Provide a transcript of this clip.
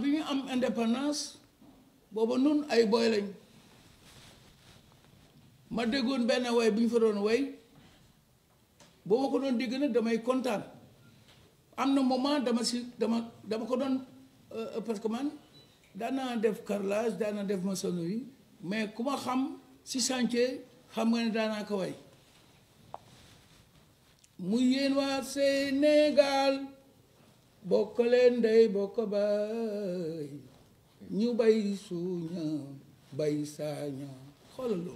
bi ñu am indépendance booba nun ay booy lañ ma déggoon benn way bi ñu fa doon way boo ma ko doon dégg nag damay kontaan am na moment dama si dama dama ko doon euh, parce que man daanaa def carrelage daanaa def maçonnerie mais ku ma xam si chantier xam nga ne daanaa way mu yéen waa Sénégal bokk leen ndey bokk baay ñu bay suña bay saaña xoolal